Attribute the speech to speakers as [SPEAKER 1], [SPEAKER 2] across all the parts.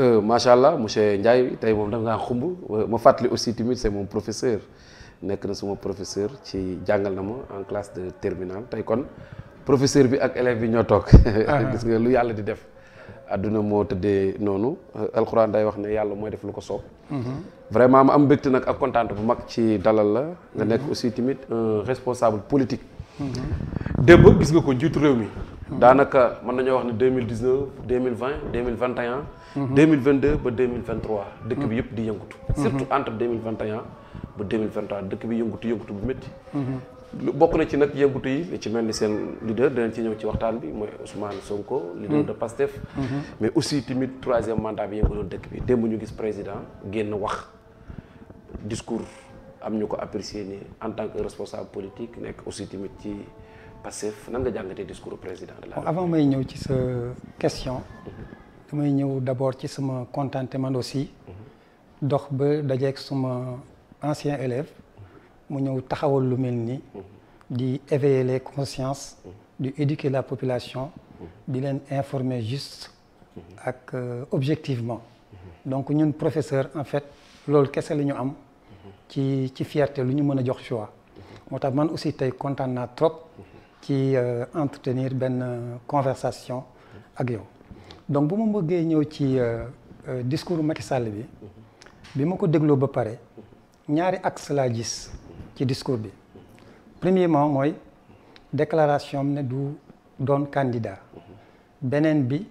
[SPEAKER 1] Euh, mashallah, allah monsieur Ndiaye tey moom daf ngaa xumb ma fàttali aussi tamit c'est mon professeur nekk na suma professeur ci jàngal na ma en classe de terminale tey kon professeur bi ak élève bi ñoo toog. Ah. gis nga lu yàlla di def. adduna moo tëddee noonu euh, alxuraan day wax ne yàlla def lu ko soob. Mhm. vraiment ma am mbégte nag ak contente bu mag ci dalal la. nga mhm. aussi tamit un responsable politique. Mhm. démb gis nga ko njiitu réew dans le nañu wax ni 2019 2020 2021 2022 ba 2023 dëkk bi mhm. yëpp di yëngutu mhm. surtout entre 2021 et 2023 dëkk bi yëngutu yëngutu bu metti mm -hmm. bokk na ci nag yëngutu yi leader de ci ñëw ci waxtaan bi Ousmane Sonko leader mhm. de Pastef mais aussi timit troisième mandat bi yëngutoon dëkk bi démb ñu gis président génn wax discours am nous ko apprécié en tant que responsable politique aussi timit Pastef nan nga jàngatee discours président de la République. avant
[SPEAKER 2] may ñëw ci sa question. damay ñëw d'abord ci sama contentement aussi. dox ba dajeeg suma ancien élève. mu ñëw taxawal lu mel nii. di éveiller les consciences. di éduquer la population. di leen informer juste. ak euh, objectivement. donc ñun professeur en fait loolu kese la ñu am. ci ci fierté lu ñu mën a jox choix. moo man aussi tey kontaan naa trop qui euh, entretenir une euh, conversation ak vous. donc bu ma bëggee ñëw ci euh, discours Macky Sall bi bi ma ko dégloo ba pare ñaari axe laa gis ci discours bi premièrement la déclaration am ne du candidat beneen bi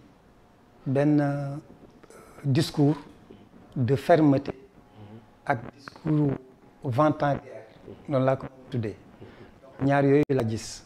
[SPEAKER 2] ben discours de fermeté ak discours vingt ans la laa ko tuddee ñaar a la gis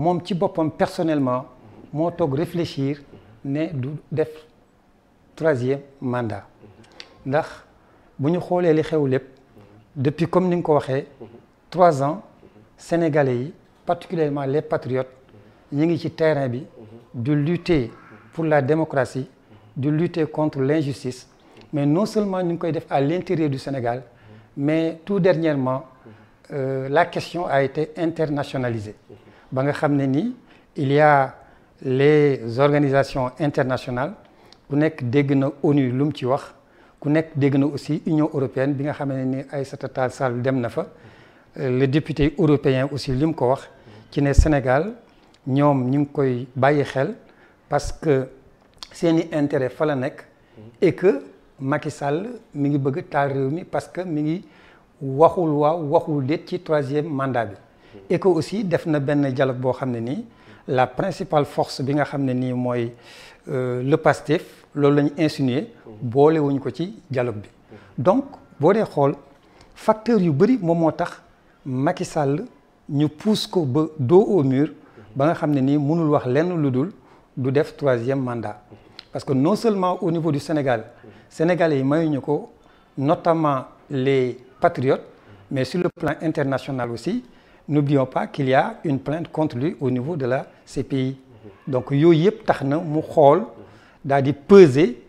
[SPEAKER 2] Mon petit point personnellement je réfléchir né du troisième mandat ndax buñu xolé li depuis comme ni trois ans sénégalais particulièrement les patriotes ñi ngi de lutter pour la démocratie de lutter contre l'injustice mais non seulement à l'intérieur du Sénégal mais tout dernièrement euh, la question a été internationalisée ba nga il y a les organisations internationales ku degno na ONU lu mu ci wax ku na aussi Union européenne bi nga xam ne ni Aïssata dem na fa le député européen aussi li mu ko wax ci ne Sénégal ñoom ñu koy xel parce que seeni intérêt fa la et que Macky Sall mi ngi bëgg taal réew mi parce que mi ngi waxul waaw waxul ci troisième mandat bi et que aussi def na benn dialogue bo xamné ni la principale force bi nga xamné ni moy euh, le PASTEF loolu le ñu insinué wuñ ko ci dialogue bi donc bo dé xol facteur yu bari moom motax tax Macky Sall ñu pousse ko ba dos au mur ba nga nous ni mënul wax lenn lu du def troisième mandat parce que non seulement au niveau du Sénégal Sénégalais notamment les patriotes mais sur le plan international aussi n'oublions pas qu'il y a une plainte contre lui au niveau de la CPI donc yoyep yëpp peser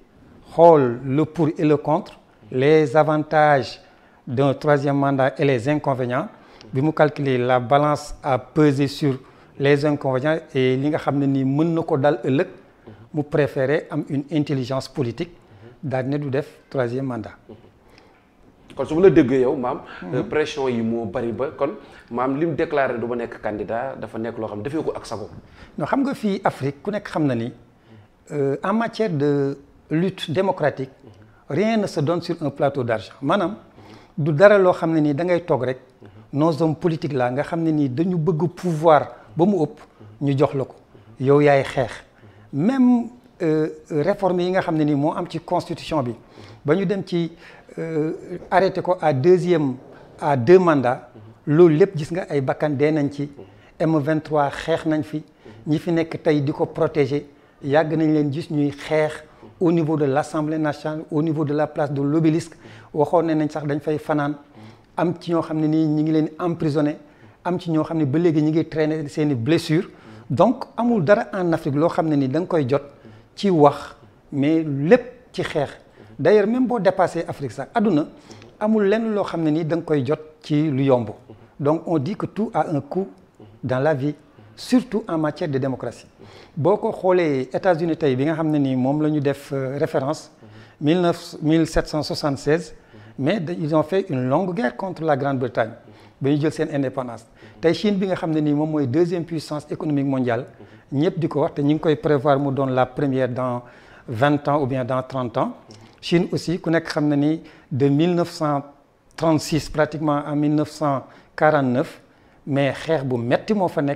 [SPEAKER 2] le pour et le contre les avantages d'un troisième mandat et les inconvénients bi mu calculer la balance à peser sur les inconvénients et li nga xamné ni mën préférer une intelligence politique daal ne troisième mandat
[SPEAKER 1] kon su ma la déggee yow maam. Euh, pression yi moo bari ba kon maam li mu déclaré du ma nekk candidat dafa nekk loo xam defee ak sago.
[SPEAKER 2] non xam nga fii Afrique ku nekk xam na Euh, en matière de lutte démocratique rien ne se donne sur un plateau d'argent maanaam du dara loo xam ne nii da ngay toog rek nos hommes politiques là nga xam ne nii dañu bëgg pouvoir ba mu ëpp ñu jox la ko yow yaay xeex même euh, réforme yi nga xam ne nii moo am ci constitution bi ba ñu dem ci. Euh, arrêté ko à deuxième à deux mandats loolu lepp gis nga ay bakkan dee nañ ci M23 xex nañ fi ñi fi nek tay diko protéger yag nañ leen gis ñuy xex au niveau de l'Assemblée nationale au niveau de la place de l'obélisque waxoon ne nañ sax dañ fay fanaan am ci ño xam ne ñi ngi leen emprisonné am ci ño xam ba légui ñi ngi traîner seeni blessures donc amul dara en Afrique lo xam ne ni da koy jot ci wax mais lepp ci xex d'ailleurs même si on Afrique l'Afrique, il amul a pas ni donc on dit que tout a un coût dans la vie surtout en matière de démocratie boo ko les États-Unis ils bi nga xam ne 1776 euh, mais ils ont fait une longue guerre contre la Grande-Bretagne pour l'indépendance. jël indépendance La Chine bi nga deuxième puissance économique mondiale Tout ne monde wax et koy prévoir la première dans 20 ans ou bien dans 30 ans Chine aussi ku de 1936 pratiquement à 1949 mais xeex bu metti moo fa mhm.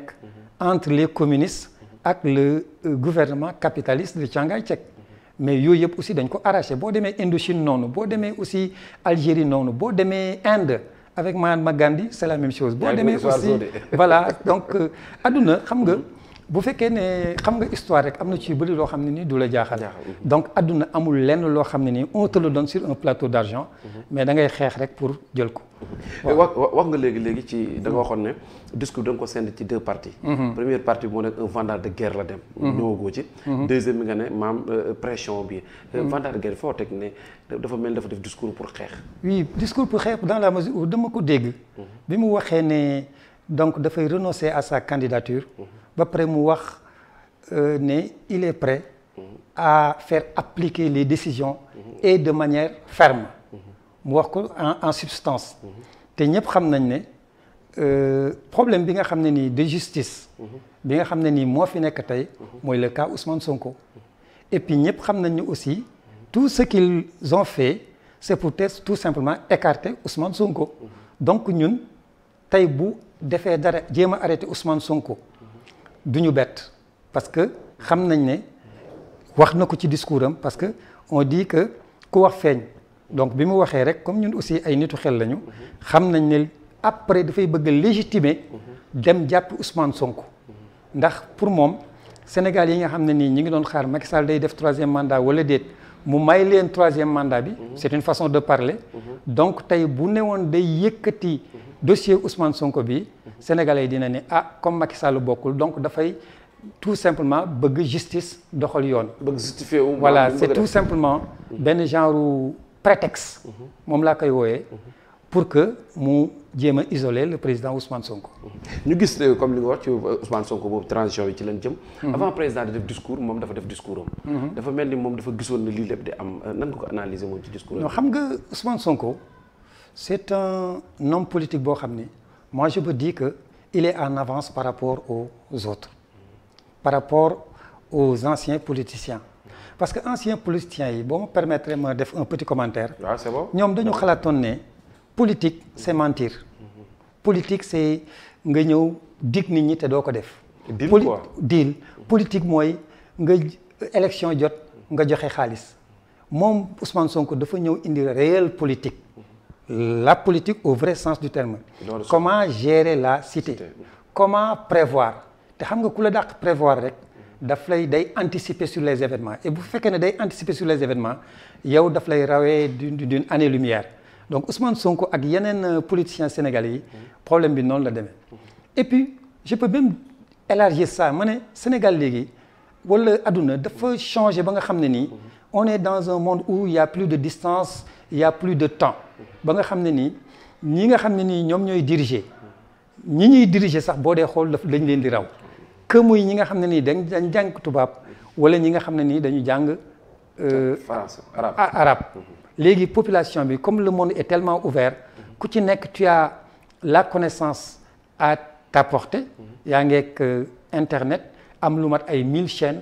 [SPEAKER 2] entre les communistes et mhm. le euh, gouvernement capitaliste de Chiang Kai-shek mhm. mais y a aussi des ko arraché vous demee Indochine non, Si vous aussi Algérie non, boo demee Inde avec Mahatma Gandhi c'est la même chose aussi voilà donc vous euh, xam nga bu fekkee ne xam nga histoire rek am na ci bëri loo du la mhm. donc adduna amul lenn loo xam ne nii on te le donne sur un plateau d'argent mhm. mais da ngay xeex rek pour jël ko
[SPEAKER 1] wax wax nga léegi léegi ci da nga waxoon discours da nga ko send ci deux parties mhm. première partie bi moo un vendeur de guerre la dem ñëwagoo ci deuxième bi nga ne maam euh, euh, pression bi euh, vendeur de guerre foo teg ne dafa mel dafa def discours pour xeex
[SPEAKER 2] oui discours pour xeex dans la mesure où dama ko dégg bi mu waxee ne donc dafay renoncer à sa candidature mm -hmm. Après pare euh, il est prêt à faire appliquer les décisions et de manière ferme mu en substance té ñëpp xam nañ le euh, problème bi nga xam de justice bi nga xam ni mo fi nek tay moy le cas Ousmane Sonko et puis ñëpp xam nañ ni aussi tout ce qu'ils ont fait c'est pour tout simplement écarter Ousmane Sonko donc ñun tay bu défé dara jéem a Ousmane Sonko duñu ñu parce que xam nañ ne wax na ci discoursam parce que on dit que ku wax feeñ donc bi waxé rek comme ñun aussi ay nitu xel lañu xam nañ ne après fay bëgg légitimer dem japp Ousmane Sonko ndax pour mom Sénégal yi nga xam ne nii ñi ngi doon xaar Macky Sall day def 3e mandat wala déet mu may leen 3e mandat bi. c'est une façon de parler. Mmh. donc tay bu newoon day yëkëti dossier Ousmane Sonko bi sénégalais dina né ah comme Macky Sall bokkul donc fay tout simplement bëgg justice doxal yoon. bëgg justifier voilà c'est tout simplement ben genre prétexte. mom la kay woyé pour que mu jéem isoler le président Ousmane Sonko.
[SPEAKER 1] ñu gis comme li nga wax ci Ousmane Sonko bob transition bi ci lañ jëm. avant président def discours mom dafa def discours am. Mhm. dafa melni mom moom dafa gisoon ne lii lépp am nan nga ko analyser mo ci discours non xam
[SPEAKER 2] nga Ousmane Sonko. C'est un homme politique moi je vous dis qu'il est en avance par rapport aux autres par rapport aux anciens politiciens parce que anciens politiciens bon, me moi de un petit commentaire Ah, c'est bon que politique c'est mentir politique c'est nga nous dig nit te deal politique que élection jot nga Moi, Ousmane indi réel politique la politique au vrai sens du terme. Comment gérer la cité. Comment prévoir. te xam nga prévoir rek daf anticiper sur les événements et bu faites ne anticiper sur les événements il faut lay d'une année lumière donc Ousmane Sonko et un euh, politiciens sénégalais le mm-hmm. problème est là. la mm-hmm. et puis je peux même élargir ça ma sénégalais. Sénégal il wala Il dafa changer ba nga on est dans un monde où il y a plus de distance il y a plus de temps ba nga xam ni les ñi nga xam ne nii ñoom ñooy diriger ñi ñuy diriger sax boo dee xool lañ leen di raw que muy ñi nga xam ne nii dañ dañ ou tubaab wala ñi nga xam ne nii dañu euh, arabe population comme le monde est tellement ouvert ku ci tu as la connaissance à ta portée yaa euh, internet am lu mat ay chaînes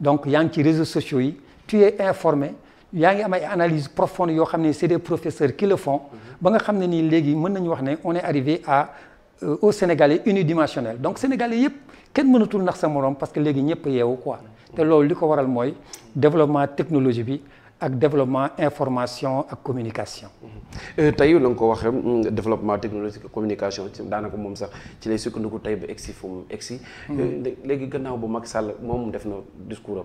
[SPEAKER 2] donc y a ci réseaux sociaux yi tu es informé il y a une analyses profondes c'est des professeurs qui le font ba nga on est arrivé à euh, au Sénégalais unidimensionnel donc Sénégalais yëpp kenn mënatul nax sa morom parce que les gens yeewu quoi te loolu li ko waral mooy développement technologie bi développement information ak communication.
[SPEAKER 1] Euh, tey la nga ko mm, développement technologique communication daanaka mom sax ci lay sukkandiku tey ba egsi fu mu egsi. Mm-hmm. Euh, léegi gannaaw bu Macky Sall mom def na discours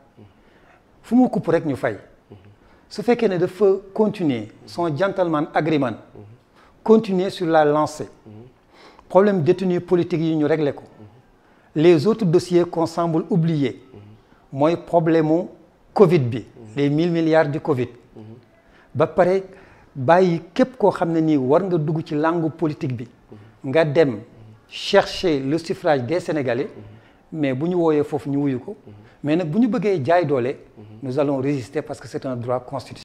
[SPEAKER 2] fu mu coupe rek ñu fay su fait ne faut continuer son gentleman agreement continuer sur la lancée problème détenus politiques yi ñu réglé les autres dossiers qu'on semble oublier le problème la Covid bi les mille milliards de Covid ba il faut képp koo xam ne war nga langue politique bi nga dem chercher le suffrage des Sénégalais mais si nous voyons ñu wuyu mhm. mais nous allons résister parce que c'est un droit constitutionnel